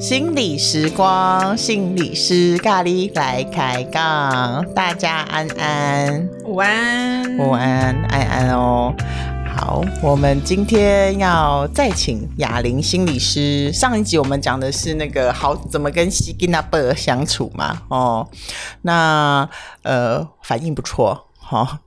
心理時光，心理師咖喱來開槓，大家安安，午安午安安安哦，好，我們今天要再請雅鈴心理師。上一集我們講的是那個好，怎麼跟西吉納貝爾相處嘛，哦，那呃反應不錯。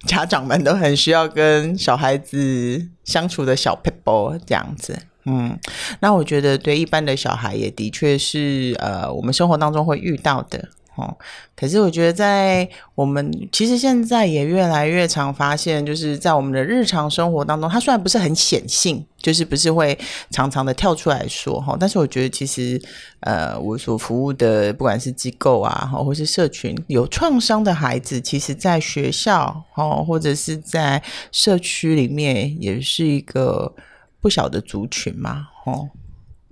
家長們都很需要跟小孩子相處的小 people 這樣子，嗯，那我覺得對一般的小孩也的確是，呃，我們生活當中會遇到的。哦，可是我覺得在我們其實現在也越來越常發現，就是在我們的日常生活當中，它雖然不是很顯性，就是不是會常常的跳出來說，哦，但是我覺得其實呃，我所服務的不管是機構啊，哦，或是社群有創傷的孩子，其實在學校，哦，或者是在社區裡面，也是一個不小的族群嘛，哦，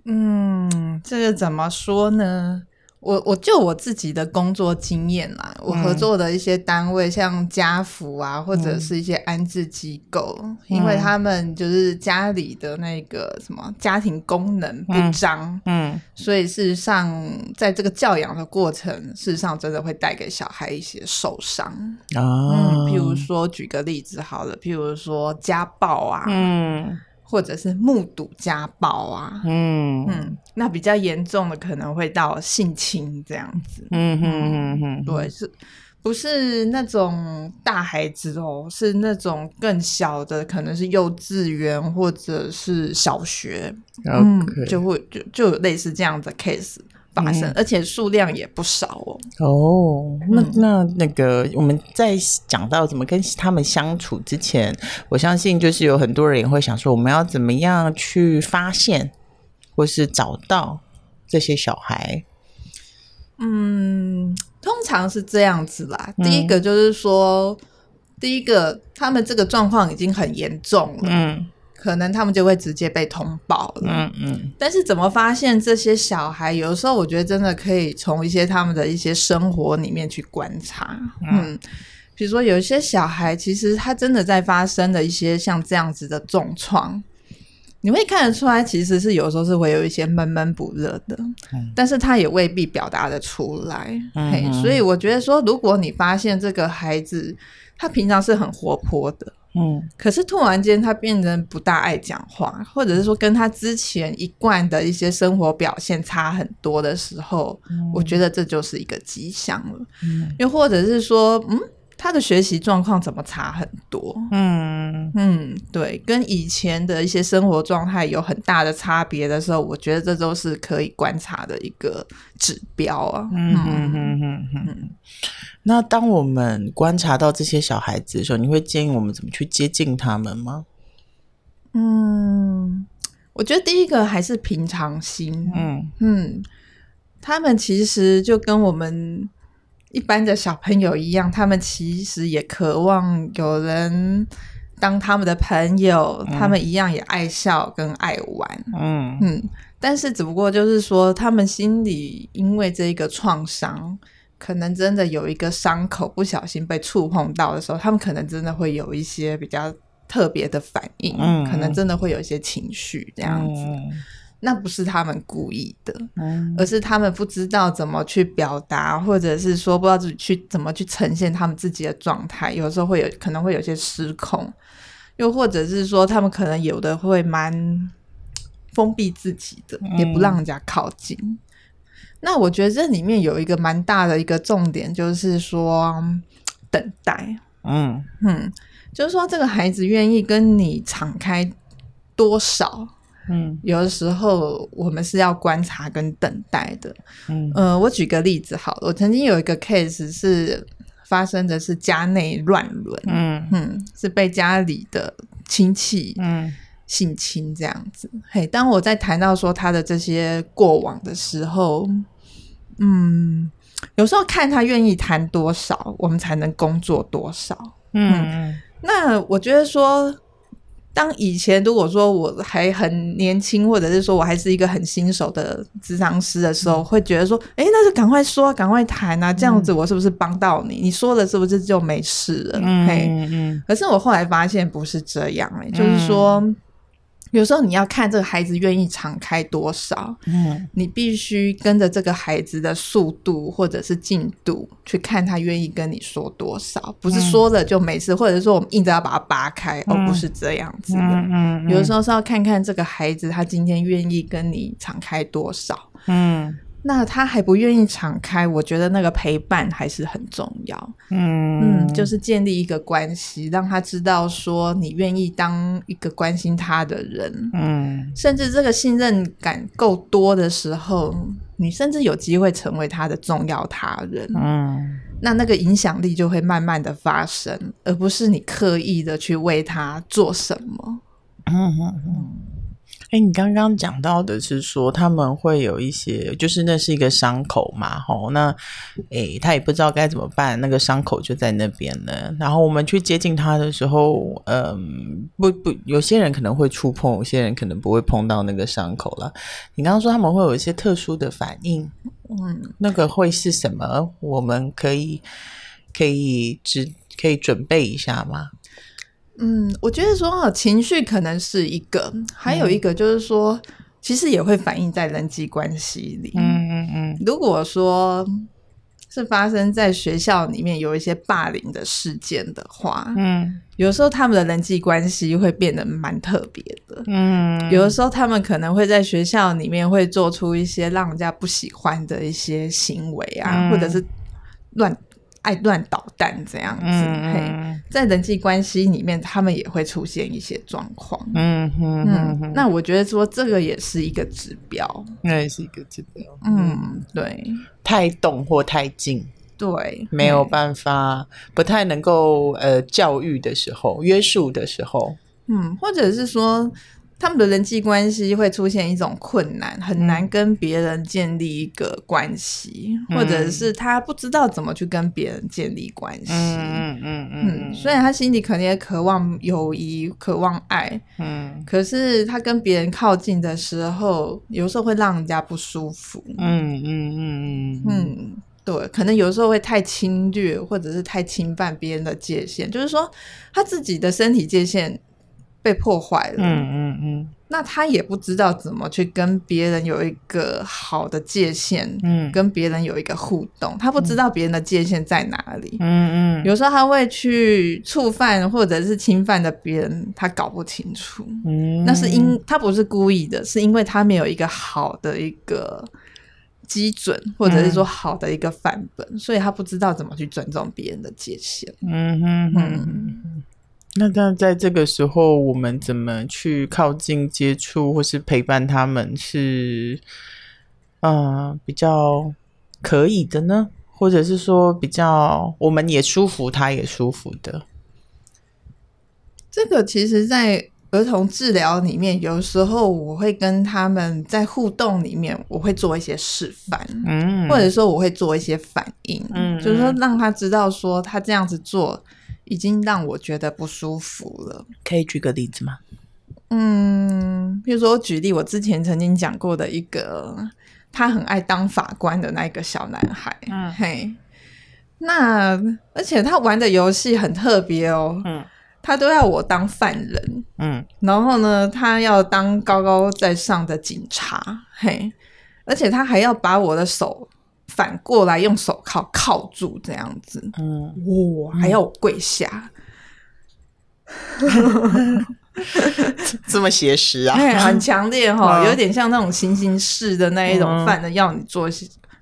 嗯，這個怎麼說呢？我我就我自己的工作經驗啦，我合作的一些單位，像家福啊，嗯、或者是一些安置機構，嗯、因為他們就是家裡的那個什麼家庭功能不彰，嗯，嗯，所以事實上在這個教養的過程，事實上真的會帶給小孩一些受傷啊，嗯。譬如說，舉個例子好了，譬如說家暴啊，嗯。或者是目睹家暴啊，嗯嗯，那比較嚴重的可能會到性侵這樣子，嗯哼哼哼哼，嗯，對，是不是那種大孩子喔？是那種更小的，可能是幼稚園或者是小學，Okay. 嗯，就會就就有類似這樣的 case。發生，而且數量也不少哦、喔。哦，那那那個，我們在講到怎麼跟他們相處之前，我相信就是有很多人也會想說，我們要怎麼樣去發現或是找到這些小孩？嗯，通常是這樣子啦。第一個就是說，嗯、第一個他們這個狀況已經很嚴重了。嗯可能他們就會直接被通報了。嗯嗯。嗯，但是怎麼發現這些小孩？有時候我覺得真的可以從一些他們的一些生活裡面去觀察。嗯，嗯，比如說有一些小孩，其實他真的在發生的一些像這樣子的重創。你會看得出來，其實是有時候是會有一些悶悶不樂的，嗯、但是他也未必表達得出來。所以我覺得說，如果你發現這個孩子他平常是很活潑的，嗯、可是突然間他變成不大愛講話，或者是說跟他之前一貫的一些生活表現差很多的時候，嗯、我覺得這就是一個跡象了。又、嗯、或者是說，嗯。他的學習狀況怎麼差很多，嗯嗯，對，跟以前的一些生活狀態有很大的差別的時候，我覺得這都是可以觀察的一個指標啊。嗯嗯嗯嗯嗯。那當我們觀察到這些小孩子的時候，你會建議我們怎麼去接近他們嗎？嗯，我覺得第一個還是平常心。嗯嗯，他們其實就跟我們一般的小朋友一樣，他們其實也渴望有人當他們的朋友，嗯、他們一樣也愛笑跟愛玩，嗯，嗯，但是只不過就是說，他們心裡因為這一個創傷，可能真的有一個傷口，不小心被觸碰到的時候，他們可能真的會有一些比較特別的反應，嗯、可能真的會有一些情緒這樣子。嗯嗯那不是他們故意的，嗯、而是他們不知道怎麼去表達，或者是說不知道自己去怎麼去呈現他們自己的狀態。有時候會有可能會有些失控，又或者是說他們可能有的會蠻封閉自己的，也不讓人家靠近。嗯、那我覺得這裡面有一個蠻大的一個重點，就是說等待。嗯嗯，就是說這個孩子願意跟你敞開多少。嗯，有的時候我們是要觀察跟等待的。嗯，呃，我舉個例子好了，我曾經有一個 case 是發生的是家內亂倫，嗯嗯，是被家裡的親戚嗯性侵這樣子。嘿、嗯，當我在談到說他的這些過往的時候，嗯，有時候看他願意談多少，我們才能工作多少。嗯，嗯那我覺得說。當以前如果說我還很年輕，或者是說我還是一個很新手的諮商師的時候，嗯、會覺得說，哎，那就趕快說，趕快談啊，這樣子我是不是幫到你？嗯、你說了是不是就沒事了？嘿嗯嗯。嘿嗯可是我後來發現不是這樣，欸，就是說。嗯嗯有時候你要看這個孩子願意敞開多少，嗯、你必須跟着這個孩子的速度或者是進度去看他願意跟你說多少，不是說了就沒事，嗯、或者說我們硬着要把它扒開，而、嗯哦、不是這樣子的。嗯嗯嗯、有的時候是要看看這個孩子他今天願意跟你敞開多少，嗯那他還不願意敞開，我覺得那個陪伴還是很重要。嗯，嗯，就是建立一個關係，讓他知道說你願意當一個關心他的人。嗯，甚至這個信任感夠多的時候，你甚至有機會成為他的重要他人。嗯，那那個影響力就會慢慢的發生，而不是你刻意的去為他做什麼。嗯嗯嗯。哎，欸、你剛剛講到的是說他們會有一些，就是那是一個傷口嘛，吼，那，哎、欸，他也不知道該怎麼辦，那個傷口就在那邊呢。然後我們去接近他的時候，嗯，不不，有些人可能會觸碰，有些人可能不會碰到那個傷口了。你剛剛說他們會有一些特殊的反應，嗯，那個會是什麼？我們可以可以只可以準備一下嗎？嗯，我覺得說情緒可能是一個，還有一個就是說，嗯、其實也會反映在人際關係裡。嗯嗯嗯。嗯嗯如果說是發生在學校裡面有一些霸凌的事件的話，嗯，有時候他們的人際關係會變得蠻特別的。嗯，有的時候他們可能會在學校裡面會做出一些讓人家不喜歡的一些行為啊，嗯、或者是亂。愛亂搗蛋這樣子，嗯、hey, 在人際關係裡面，他們也會出現一些狀況。嗯哼，嗯嗯，那我覺得說這個也是一個指標，那也是一個指標。嗯，對，太動或太靜，對，沒有辦法，對不太能夠呃教育的時候，約束的時候，嗯，或者是說。他們的人際關係會出現一種困難，很難跟別人建立一個關係，嗯、或者是他不知道怎麼去跟別人建立關係、嗯。嗯嗯嗯嗯，雖然他心裡肯定也渴望友誼、渴望愛，嗯，可是他跟別人靠近的時候，有時候會讓人家不舒服。嗯嗯嗯嗯，嗯，嗯，嗯，嗯，對，可能有時候會太侵略，或者是太侵犯別人的界限，就是說他自己的身體界限。被破壞了，嗯嗯嗯，嗯嗯，那他也不知道怎麼去跟別人有一個好的界限，嗯，跟別人有一個互動，他不知道別人的界限在哪裡，嗯嗯，嗯嗯，有時候他會去觸犯或者是侵犯的別人，他搞不清楚，嗯、那是因、嗯、他不是故意的，是因為他沒有一個好的一個基準，或者是說好的一個範本，嗯、所以他不知道怎麼去尊重別人的界限，嗯，嗯，嗯那但在這個時候，我們怎麼去靠近、接觸或是陪伴他們是，啊、呃，比較可以的呢？或者是說，比較我們也舒服，他也舒服的。這個其實，在兒童治療裡面，有時候我會跟他們在互動裡面，我會做一些示範，嗯、或者說我會做一些反應，嗯嗯就是說讓他知道，說他這樣子做。已經讓我覺得不舒服了。可以舉個例子嗎？嗯，譬如說舉例，我之前曾經講過的一個，他很愛當法官的那一個小男孩。嗯，嘿，那而且他玩的遊戲很特別哦。嗯，他都要我當犯人。嗯，然後呢，他要當高高在上的警察。嘿，而且他還要把我的手。反過來用手銬銬住這樣子，哇、嗯，還要我跪下， 這麼寫實啊？哎、很強烈哈、哦，嗯、有點像那種行刑式的那一種犯人、嗯、要你做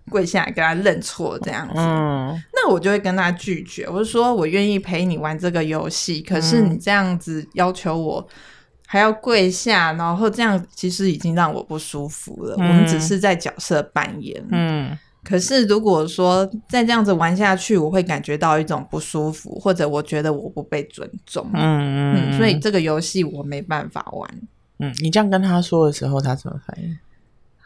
跪下來跟他認錯這樣子。嗯、那我就會跟他拒絕，我就說我願意陪你玩這個遊戲，可是你這樣子要求我還要跪下，然後這樣其實已經讓我不舒服了。嗯、我們只是在角色扮演，嗯。可是如果說再這樣子玩下去，我會感覺到一種不舒服，或者我覺得我不被尊重。嗯嗯，所以這個遊戲我沒辦法玩。嗯，你這樣跟他說的時候，他怎麼反應？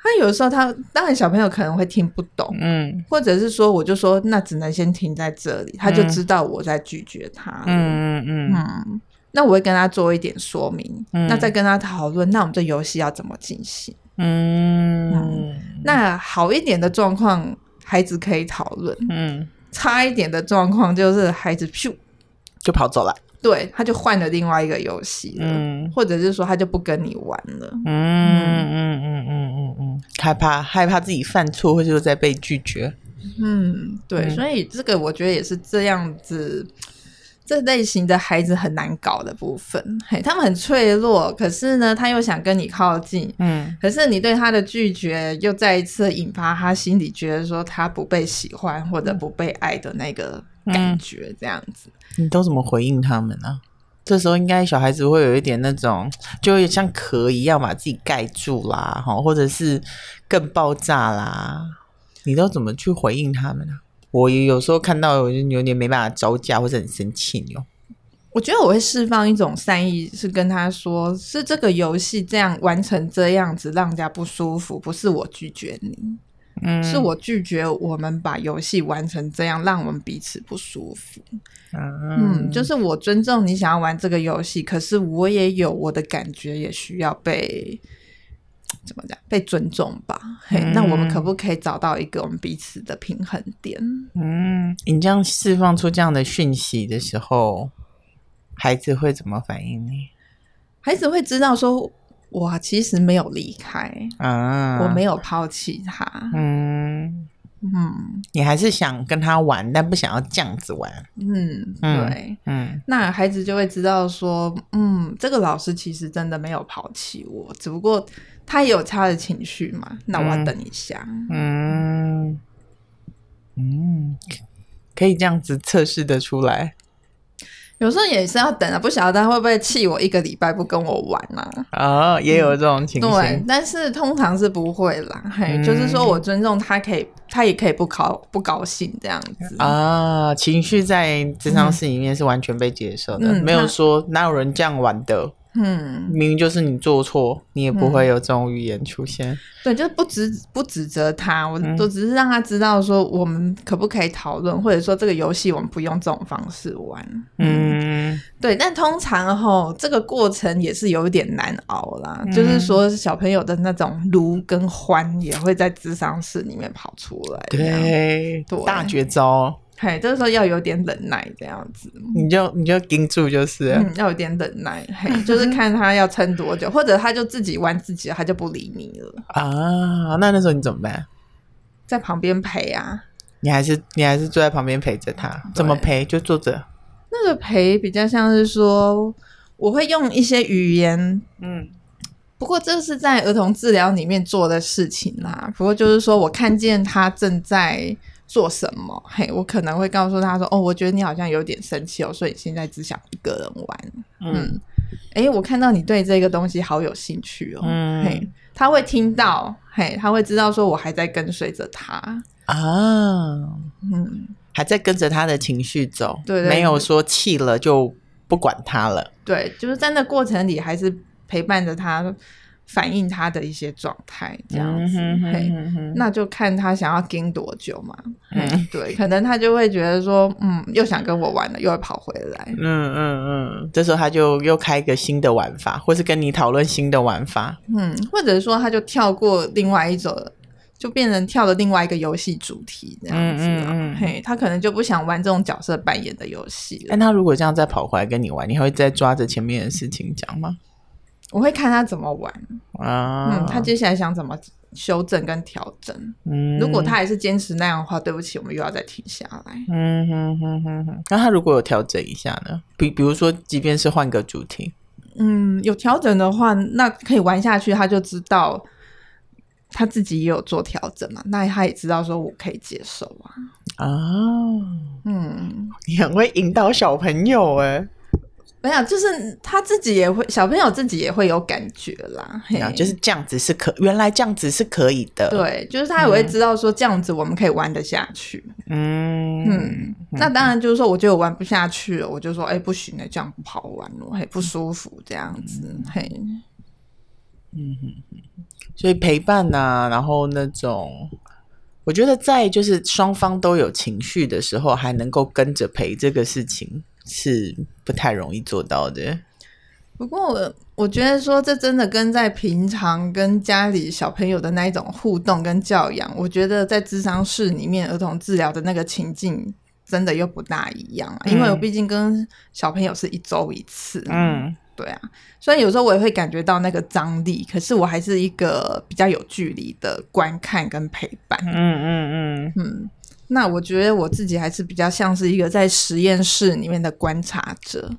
他有時候他，他當然小朋友可能會聽不懂。嗯，或者是說，我就說那只能先停在這裡，他就知道我在拒絕他。嗯。嗯嗯，那我會跟他做一點說明，嗯、那再跟他討論，那我們這遊戲要怎麼進行？嗯。那好一點的狀況，孩子可以討論。嗯，差一點的狀況就是孩子咻就跑走了。對，他就換了另外一個遊戲，嗯，或者是說他就不跟你玩了。嗯嗯嗯嗯嗯嗯嗯，害怕害怕自己犯錯，或者是在被拒絕。嗯，對，嗯，所以這個我覺得也是這樣子。這類型的孩子很難搞的部分，嘿，他們很脆弱，可是呢，他又想跟你靠近，嗯，可是你對他的拒絕又再一次引發他心裡覺得說他不被喜歡或者不被愛的那個感覺，嗯，這樣子。你都怎麼回應他們呢？啊，這時候應該小孩子會有一點那種，就會像殼一樣把自己蓋住啦，哈，或者是更爆炸啦，你都怎麼去回應他們呢？我也有時候看到，有點沒辦法招架，或者很生氣喲。我覺得我會釋放一種善意，是跟他說：是這個遊戲這樣玩成這樣子，讓人家不舒服，不是我拒絕你，嗯、是我拒絕我們把遊戲玩成這樣，讓我們彼此不舒服。嗯，嗯，就是我尊重你想要玩這個遊戲，可是我也有我的感覺，也需要被。怎麼講？被尊重吧、嗯嘿。那我們可不可以找到一個我們彼此的平衡點？嗯，你這樣釋放出這樣的訊息的時候，嗯、孩子會怎麼反應你？你孩子會知道說，我其實沒有離開、啊、我沒有拋棄他。嗯。嗯，你還是想跟他玩，但不想要這樣子玩。嗯，對，嗯，那孩子就會知道說，嗯，這個老師其實真的沒有拋棄我，只不過他也有他的情緒嘛。那我要等一下。嗯，嗯，嗯，可以這樣子測試得出來。有時候也是要等啊，不曉得他會不會氣我一個禮拜不跟我玩啊。哦，也有這種情況，嗯。對，但是通常是不會啦，嗯、嘿就是說我尊重他，可以他也可以不高，不高興這樣子啊，哦。情緒在諮商室裡面是完全被接受的，嗯，沒有說哪有人這樣玩的。嗯嗯嗯，明明就是你做錯，你也不會有這種語言出現。嗯、對，就是不指不指責他，我都只是讓他知道說，我們可不可以討論，或者說這個遊戲我們不用這種方式玩。嗯，嗯，對。但通常哈、哦，這個過程也是有一點難熬啦，嗯、就是說小朋友的那種怒跟歡也會在諮商室裡面跑出來。對，對大絕招。嘿，這時候要有點忍耐，這樣子。你就你就盯住，就是、嗯、要有點忍耐，就是看他要撐多久， 或者他就自己玩自己，他就不理你了。啊，那那時候你怎麼辦？在旁邊陪啊。你還是你還是坐在旁邊陪着他，啊、怎麼陪就坐着。那個陪比較像是說，我會用一些語言，嗯，不過這是在兒童治療裡面做的事情啦。不過就是說我看見他正在。做什麼？嘿，我可能會告訴他說：“哦，我覺得你好像有點生氣哦，所以現在只想一個人玩。”嗯，哎，我看到你對這個東西好有興趣哦。嗯，嘿，他會聽到，嘿，他會知道說我還在跟隨着他啊，嗯，還在跟着他的情緒走，對對對對，沒有說氣了就不管他了，對，就是在那個過程裡還是陪伴着他。反映他的一些狀態這樣子，嗯、哼哼哼哼嘿，那就看他想要盯多久嘛。嗯，對，可能他就會覺得說，嗯，又想跟我玩了，又要跑回來。嗯嗯嗯，這時候他就又開一個新的玩法，或是跟你討論新的玩法。嗯，或者是說他就跳過另外一種，就變成跳的另外一個遊戲主題這樣子。嗯，嗯，嗯嘿，他可能就不想玩這種角色扮演的遊戲了。那他如果這樣再跑回來跟你玩，你還會再抓着前面的事情講嗎？我會看他怎麼玩啊，嗯，他接下來想怎麼修正跟調整，嗯，如果他還是堅持那樣的話，對不起，我們又要再停下來。嗯哼哼哼哼，那他如果有調整一下呢？比比如說，即便是換個主題，嗯，有調整的話，那可以玩下去，他就知道他自己也有做調整嘛，啊，那他也知道說我可以接受啊。啊，嗯，你很會引導小朋友，欸。沒有，就是他自己也會，小朋友自己也會有感覺啦。然、啊、嘿就是這樣子是可，原來這樣子是可以的。對，就是他也會知道說這樣子我們可以玩得下去。嗯，嗯，嗯那當然就是說，我覺得我玩不下去了，嗯、我就說，嗯、哎，不行呢，這樣不好玩，我很不舒服，嗯、這樣子，嗯、嘿。嗯哼哼，所以陪伴啊，然後那種，我覺得在就是雙方都有情緒的時候，還能夠跟着陪這個事情，是不太容易做到的。不過我，我我覺得說，這真的跟在平常跟家裡小朋友的那一種互動跟教養，我覺得在諮商室裡面兒童治療的那個情境，真的又不大一樣啊。因為我畢竟跟小朋友是一周一次，嗯，對啊。雖然有時候我也會感覺到那個張力，可是我還是一個比較有距離的觀看跟陪伴。嗯嗯嗯嗯。嗯嗯嗯那我覺得我自己還是比較像是一個在實驗室裡面的觀察者，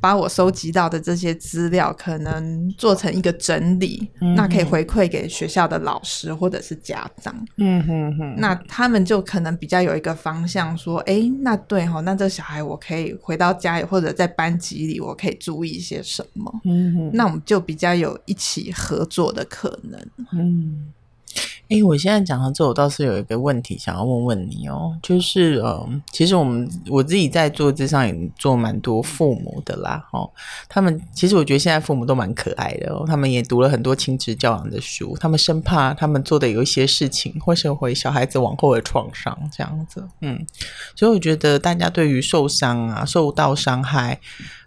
把我收集到的這些資料可能做成一個整理，嗯哼。那可以回饋給學校的老師或者是家長。嗯哼哼，那他們就可能比較有一個方向說，哎，那對哦，那這小孩我可以回到家裡或者在班級裡，我可以注意一些什麼。嗯哼，那我們就比較有一起合作的可能。嗯。哎，我現在講到這我倒是有一個問題想要問問你哦，就是呃，其實我們我自己在諮商上，也做蠻多父母的啦，哦，他們其實我覺得現在父母都蠻可愛的哦，他們也讀了很多親子教養的書，他們生怕他們做的有一些事情會是會小孩子往後的創傷這樣子，嗯，所以我覺得大家對於受傷啊、受到傷害，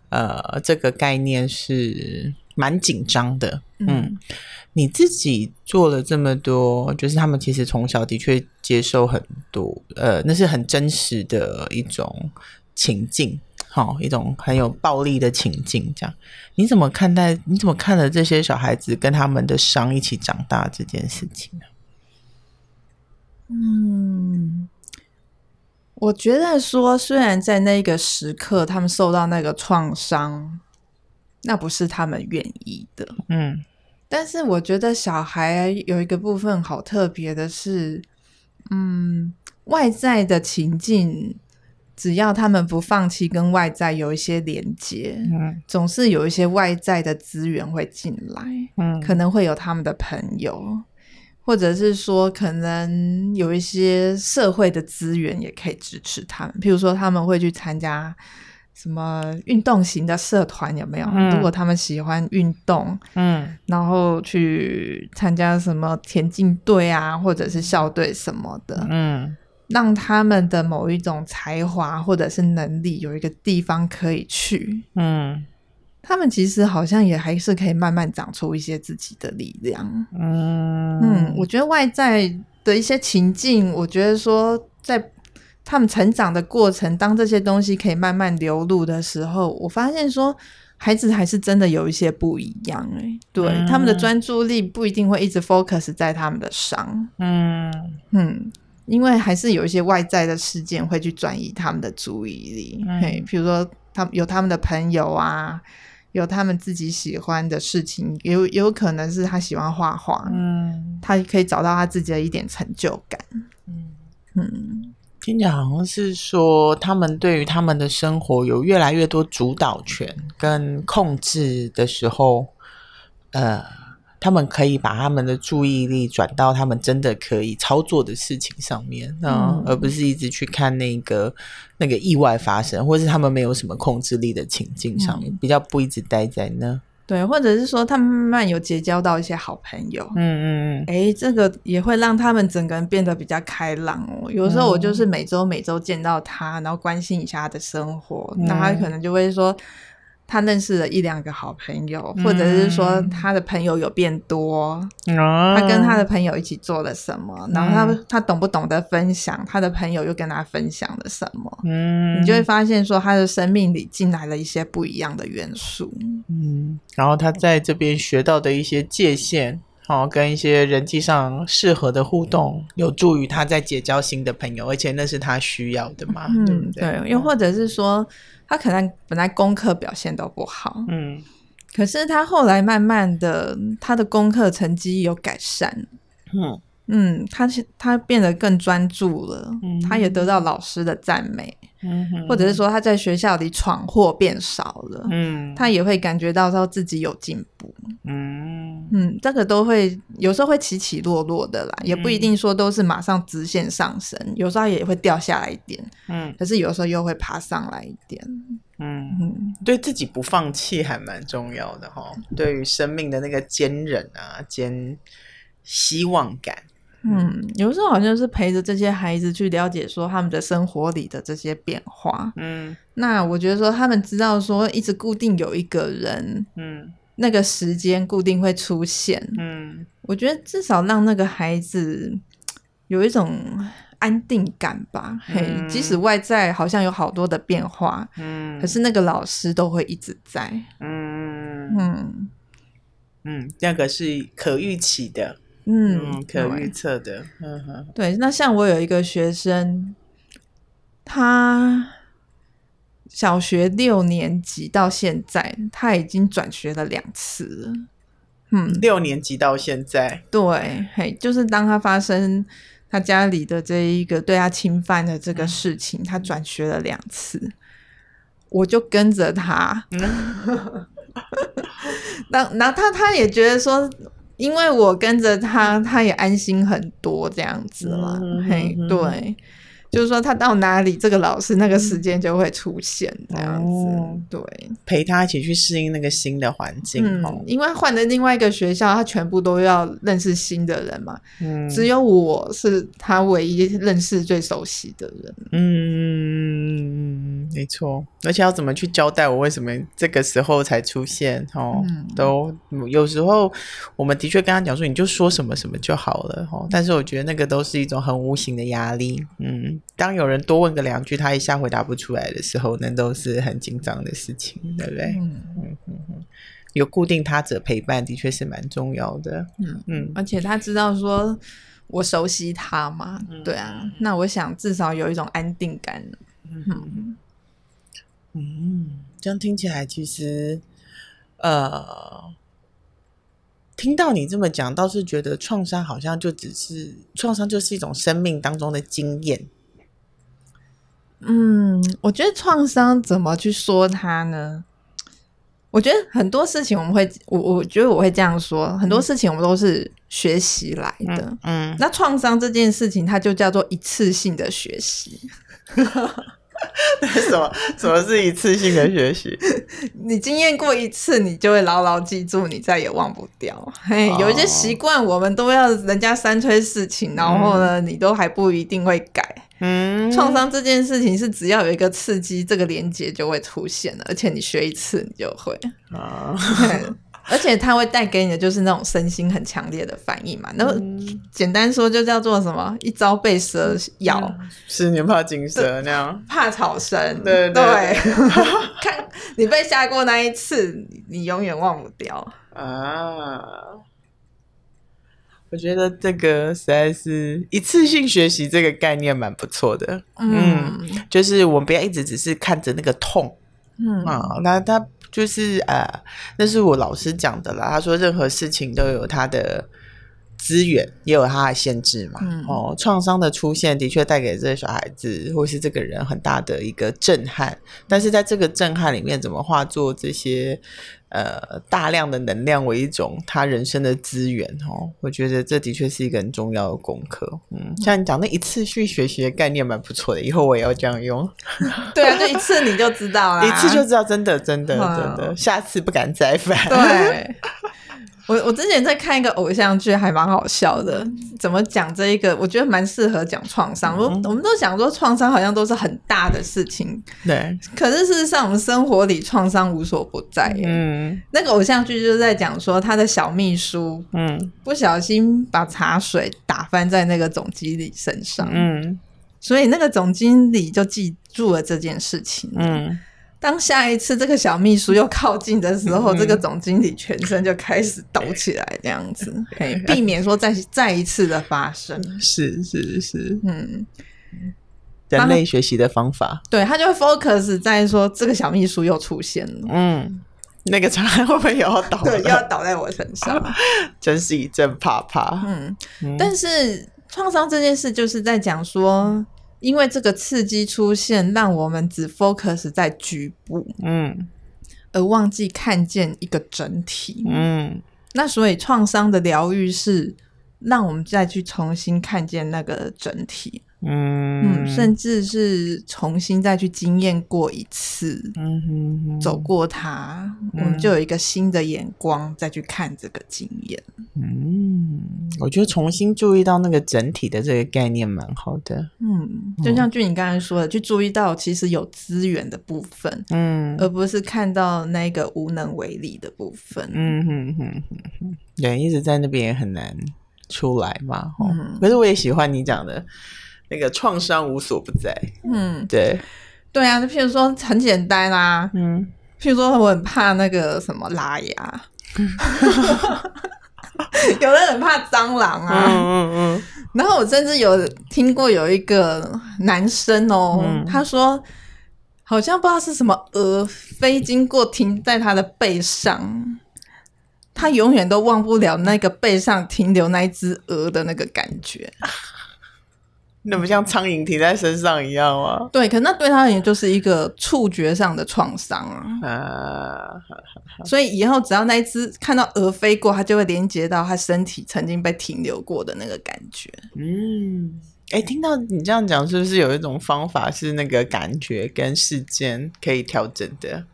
呃，這個概念是。蠻緊張的，嗯，嗯，你自己做了這麼多，就是他們其實從小的確接受很多，呃，那是很真實的一種情境，齁，一種很有暴力的情境。這樣，你怎麼看待？你怎麼看的這些小孩子跟他們的傷一起長大這件事情呢？嗯，我覺得說，雖然在那個時刻，他們受到那個創傷。那不是他們願意的，嗯。但是我覺得小孩有一個部分好特別的是，嗯，外在的情境，只要他們不放棄跟外在有一些連接，嗯，總是有一些外在的資源會進來，嗯，可能會有他們的朋友，或者是說可能有一些社會的資源也可以支持他們，譬如說他們會去參加什麼運動型的社團有沒有？嗯，如果他們喜歡運動，嗯，然後去參加什麼田徑隊啊，或者是校隊什麼的，嗯，讓他們的某一種才華或者是能力有一個地方可以去，嗯，他們其實好像也還是可以慢慢長出一些自己的力量，嗯嗯，嗯，我覺得外在的一些情境，我覺得說在。他們成長的過程，當這些東西可以慢慢流露的時候，我發現說，孩子還是真的有一些不一樣哎、欸。對，嗯、他們的專注力不一定會一直 focus 在他們的傷，嗯嗯，因為還是有一些外在的事件會去轉移他們的注意力。嗯、嘿，譬如說他，他有他們的朋友啊，有他們自己喜歡的事情，有有可能是他喜歡畫畫，嗯，他可以找到他自己的一點成就感。嗯嗯。嗯聽起來好像是說，他們對於他們的生活有越來越多主導權跟控制的時候，呃，他們可以把他們的注意力轉到他們真的可以操作的事情上面，呃，嗯，而不是一直去看那個那個意外發生，或是他們沒有什麼控制力的情境上面，比較不一直待在那。對，或者是說他們慢慢有結交到一些好朋友，嗯嗯嗯，哎，這個也會讓他們整個人變得比較開朗哦。有時候我就是每周每周見到他，嗯、然後關心一下他的生活，嗯、那他可能就會說。他認識了一兩個好朋友，或者是說他的朋友有變多。嗯、他跟他的朋友一起做了什麼？嗯、然後他他懂不懂得分享？他的朋友又跟他分享了什麼？嗯，你就會發現說他的生命裡進來了一些不一樣的元素。嗯，然後他在這邊學到的一些界限，好、哦、跟一些人際上適合的互動，有助於他在結交新的朋友，而且那是他需要的嘛，嗯、對不對，又、嗯、或者是說。他可能本來功課表現都不好，嗯，可是他後來慢慢的，他的功課成績有改善，嗯，嗯，他他變得更專注了，嗯，他也得到老師的讚美。或者是說他在學校裡闖禍變少了，嗯，他也會感覺到說自己有進步，嗯嗯，嗯，這個都會有時候會起起落落的啦，也不一定說都是馬上直線上升，嗯，有時候也會掉下來一點，嗯，可是有時候又會爬上來一點，嗯，嗯，對自己不放棄還蠻重要的哈、哦，對於生命的那個堅韌啊、堅希望感。嗯，有時候好像是陪着這些孩子去了解說他們的生活裡的這些變化。嗯，那我覺得說他們知道說一直固定有一個人，嗯，那個時間固定會出現。嗯，我覺得至少讓那個孩子有一種安定感吧。嘿、嗯，hey, 即使外在好像有好多的變化，嗯，可是那個老師都會一直在。嗯嗯嗯嗯，那個、嗯嗯、是可預期的。嗯，嗯，可預測的。對，呵呵，對，那像我有一個學生，他小學六年級到現在，他已經轉學了兩次了。嗯，六年級到現在，對，就是當他發生他家裡的這一個對他侵犯的這個事情，嗯，他轉學了兩次，我就跟着他。 那那他他也覺得說。因為我跟着他，他也安心很多，這樣子嘛，嗯、哼哼嘿，對。就是說，他到哪裡，這個老師那個時間就會出現這樣子。哦、對，陪他一起去適應那個新的環境哦。嗯哦、因為換了另外一個學校，他全部都要認識新的人嘛。嗯、只有我是他唯一認識最熟悉的人。嗯，沒錯。而且要怎麼去交代我為什麼這個時候才出現？哦，嗯、都有時候我們的確跟他講說，你就說什麼什麼就好了哦，但是我覺得那個都是一種很無形的壓力。嗯。當有人多問個兩句，他一下回答不出來的時候，那都是很緊張的事情，嗯、對不對？嗯、 有固定他者陪伴，的確是蠻重要的。嗯嗯、而且他知道說我熟悉他嘛，嗯、對啊，那我想至少有一種安定感。嗯，嗯， 嗯，這樣聽起來，其實呃，聽到你這麼講，倒是覺得創傷好像就只是創傷，就是一種生命當中的經驗。嗯，我覺得創傷怎麼去說它呢？我覺得很多事情，我們會，我我覺得我會這樣說，很多事情我們都是學習來的。嗯，嗯那創傷這件事情，它就叫做一次性的學習。哈， 什麼？什麼是一次性的學習？ 你經驗過一次，你就會牢牢記住，你再也忘不掉。嘿，oh. 有一些習慣，我們都要人家三催四請，然後呢，嗯、你都還不一定會改。嗯，創傷這件事情是只要有一個刺激，這個連結就會出現而且你學一次你就會，啊、 而且它會帶給你的就是那種身心很強烈的反應嘛。那簡單說就叫做什麼？一朝被蛇咬，十年、嗯、怕井繩對那樣，怕草繩。對對,對， 看你被嚇過那一次，你永遠忘不掉啊。我覺得這個實在是一次性學習這個概念蠻不錯的，嗯，嗯，就是我們不要一直只是看着那個痛，嗯啊，那他就是呃，那是我老師講的啦，他說任何事情都有他的。資源也有它的限制嘛。嗯、哦，創傷的出現的確帶給這些小孩子或是這個人很大的一個震撼，但是在這個震撼裡面，怎麼化作這些呃大量的能量為一種他人生的資源？哦，我覺得這的確是一個很重要的功課。嗯，像你講那一次去學習的概念蠻不錯的，以後我也要這樣用。 對啊，就一次你就知道啊， 一次就知道，真的真的，嗯，真的，下次不敢再犯。對。我我之前在看一個偶像劇，還蠻好笑的。怎麼講這一個？我覺得蠻適合講創傷。嗯，我我們都想說，創傷好像都是很大的事情。對，可是事實上，我們生活裡創傷無所不在。嗯，那個偶像劇就是在講說，他的小秘書嗯不小心把茶水打翻在那個總經理身上。嗯，所以那個總經理就記住了這件事情。嗯。當下一次這個小秘書又靠近的時候，嗯、這個總經理全身就開始抖起來，這樣子，嗯、可以避免說再 再一次的發生。是是是，是是嗯，人類學習的方法，他對他就會 focus 在說這個小秘書又出現了，嗯，那個船會不會也要倒？對，又要倒在我身上，啊、真是一陣怕怕。嗯，嗯但是創傷這件事就是在講說。因為這個刺激出現，讓我們只 focus 在局部，嗯，而忘記看見一個整體，嗯，那所以創傷的療癒是讓我們再去重新看見那個整體。嗯，嗯，甚至是重新再去經驗過一次，嗯、哼哼走過它，嗯、我們就有一個新的眼光再去看這個經驗。嗯，我覺得重新注意到那個整體的這個概念蠻好的。嗯，就像俊你剛才說的，嗯、去注意到其實有資源的部分，嗯，而不是看到那個無能為力的部分。嗯哼哼哼哼，人一直在那邊也很難出來嘛。嗯、哼哼可是我也喜歡你講的，那個創傷無所不在，嗯，對，對啊，就譬如說很簡單啦、啊，嗯，譬如說我很怕那個什麼拉牙， 有的人很怕蟑螂啊，嗯嗯嗯，然後我甚至有聽過有一個男生哦，嗯、他說好像不知道是什麼鵝飛經過停在他的背上，他永遠都忘不了那個背上停留那一隻鵝的那個感覺。那不像蒼蠅停在身上一樣嗎、啊？ 對，可那對他而言就是一個觸覺上的創傷啊。啊，好好好。所以以後只要那一隻看到蛾飛過，它就會連接到它身體曾經被停留過的那個感覺。嗯，誒、欸、聽到你這樣講，是不是有一種方法是那個感覺跟事件可以調整的？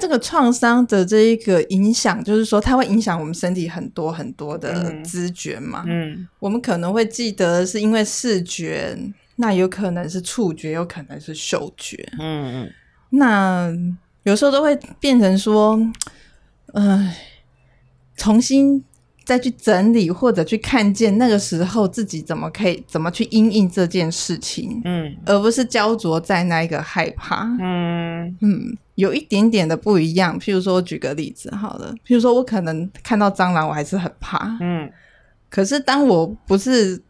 這個創傷的這一個影響，就是說它會影響我們身體很多很多的知覺嘛。嗯，嗯，我們可能會記得是因為視覺，那有可能是觸覺，有可能是嗅覺。嗯，嗯那有時候都會變成說，哎、呃，重新再去整理或者去看見那個時候自己怎麼可以怎麼去因應這件事情。嗯，而不是焦灼在那一個害怕。嗯嗯。嗯有一點點的不一樣，譬如說舉個例子好了，譬如說我可能看到蟑螂我還是很怕，嗯，可是當我不是，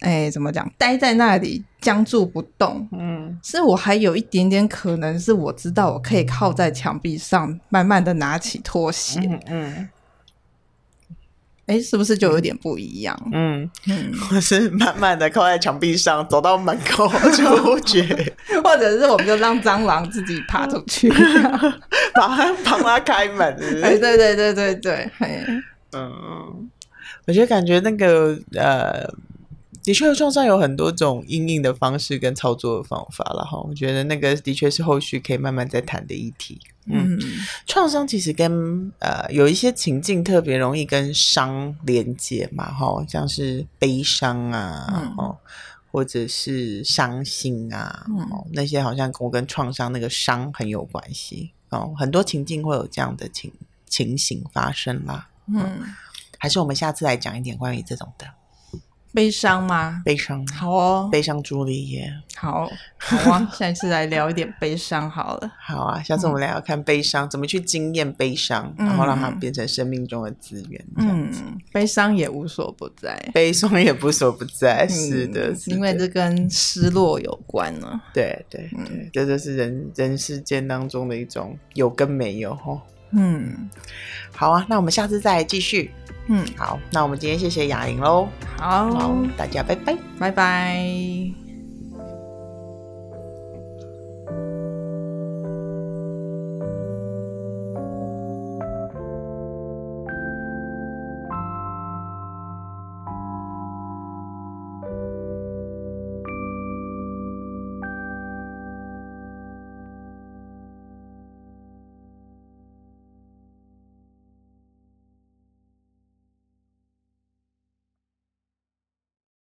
哎，欸，怎麼講，待在那裡僵住不動，嗯，是我還有一點點可能是我知道我可以靠在牆壁上，慢慢的拿起拖鞋，嗯嗯。哎、欸，是不是就有點不一樣？嗯，嗯我是慢慢的靠在牆壁上，走到門口就不覺， 或者是我們就讓蟑螂自己爬出去， 把它幫它開門是不是？哎，欸，對對對對對，嗯，我覺得感覺那個呃。的確，創傷有很多種因應的方式跟操作的方法了哈。我覺得那個的確是後續可以慢慢再談的議題。嗯，創傷、嗯、其實跟呃有一些情境特別容易跟傷連接嘛哈，像是悲傷啊，哦、嗯，或者是傷心啊，哦、嗯，那些好像跟我跟創傷那個傷很有關係哦。很多情境會有這樣的情情形發生啦。嗯，嗯還是我們下次來講一點關於這種的。悲傷嗎？悲傷傷。好哦。悲傷，茱麗葉，好。好啊，下一次來聊一點悲傷好了。 好啊，下次我們來聊看悲傷，怎麼去經驗悲傷，嗯、然後讓它變成生命中的資源。嗯，悲傷也無所不在，悲傷也無所不在，嗯、是的，是的，因為這跟失落有關了、啊。對對對，嗯、就這就是人人世間當中的一種有跟沒有哈。嗯，好啊，那我們下次再繼續。嗯，好，那我們今天謝謝雅鈴嘍。好，大家拜拜，拜拜。